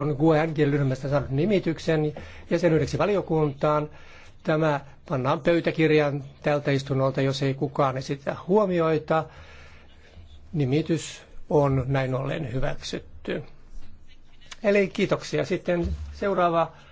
on QNG-ryhmästä saanut nimityksen jäsenyydeksi valiokuntaan. Tämä pannaan pöytäkirjan tältä istunnolta, jos ei kukaan esitä huomioita. Nimitys on näin ollen hyväksytty. Eli kiitoksia. Sitten seuraava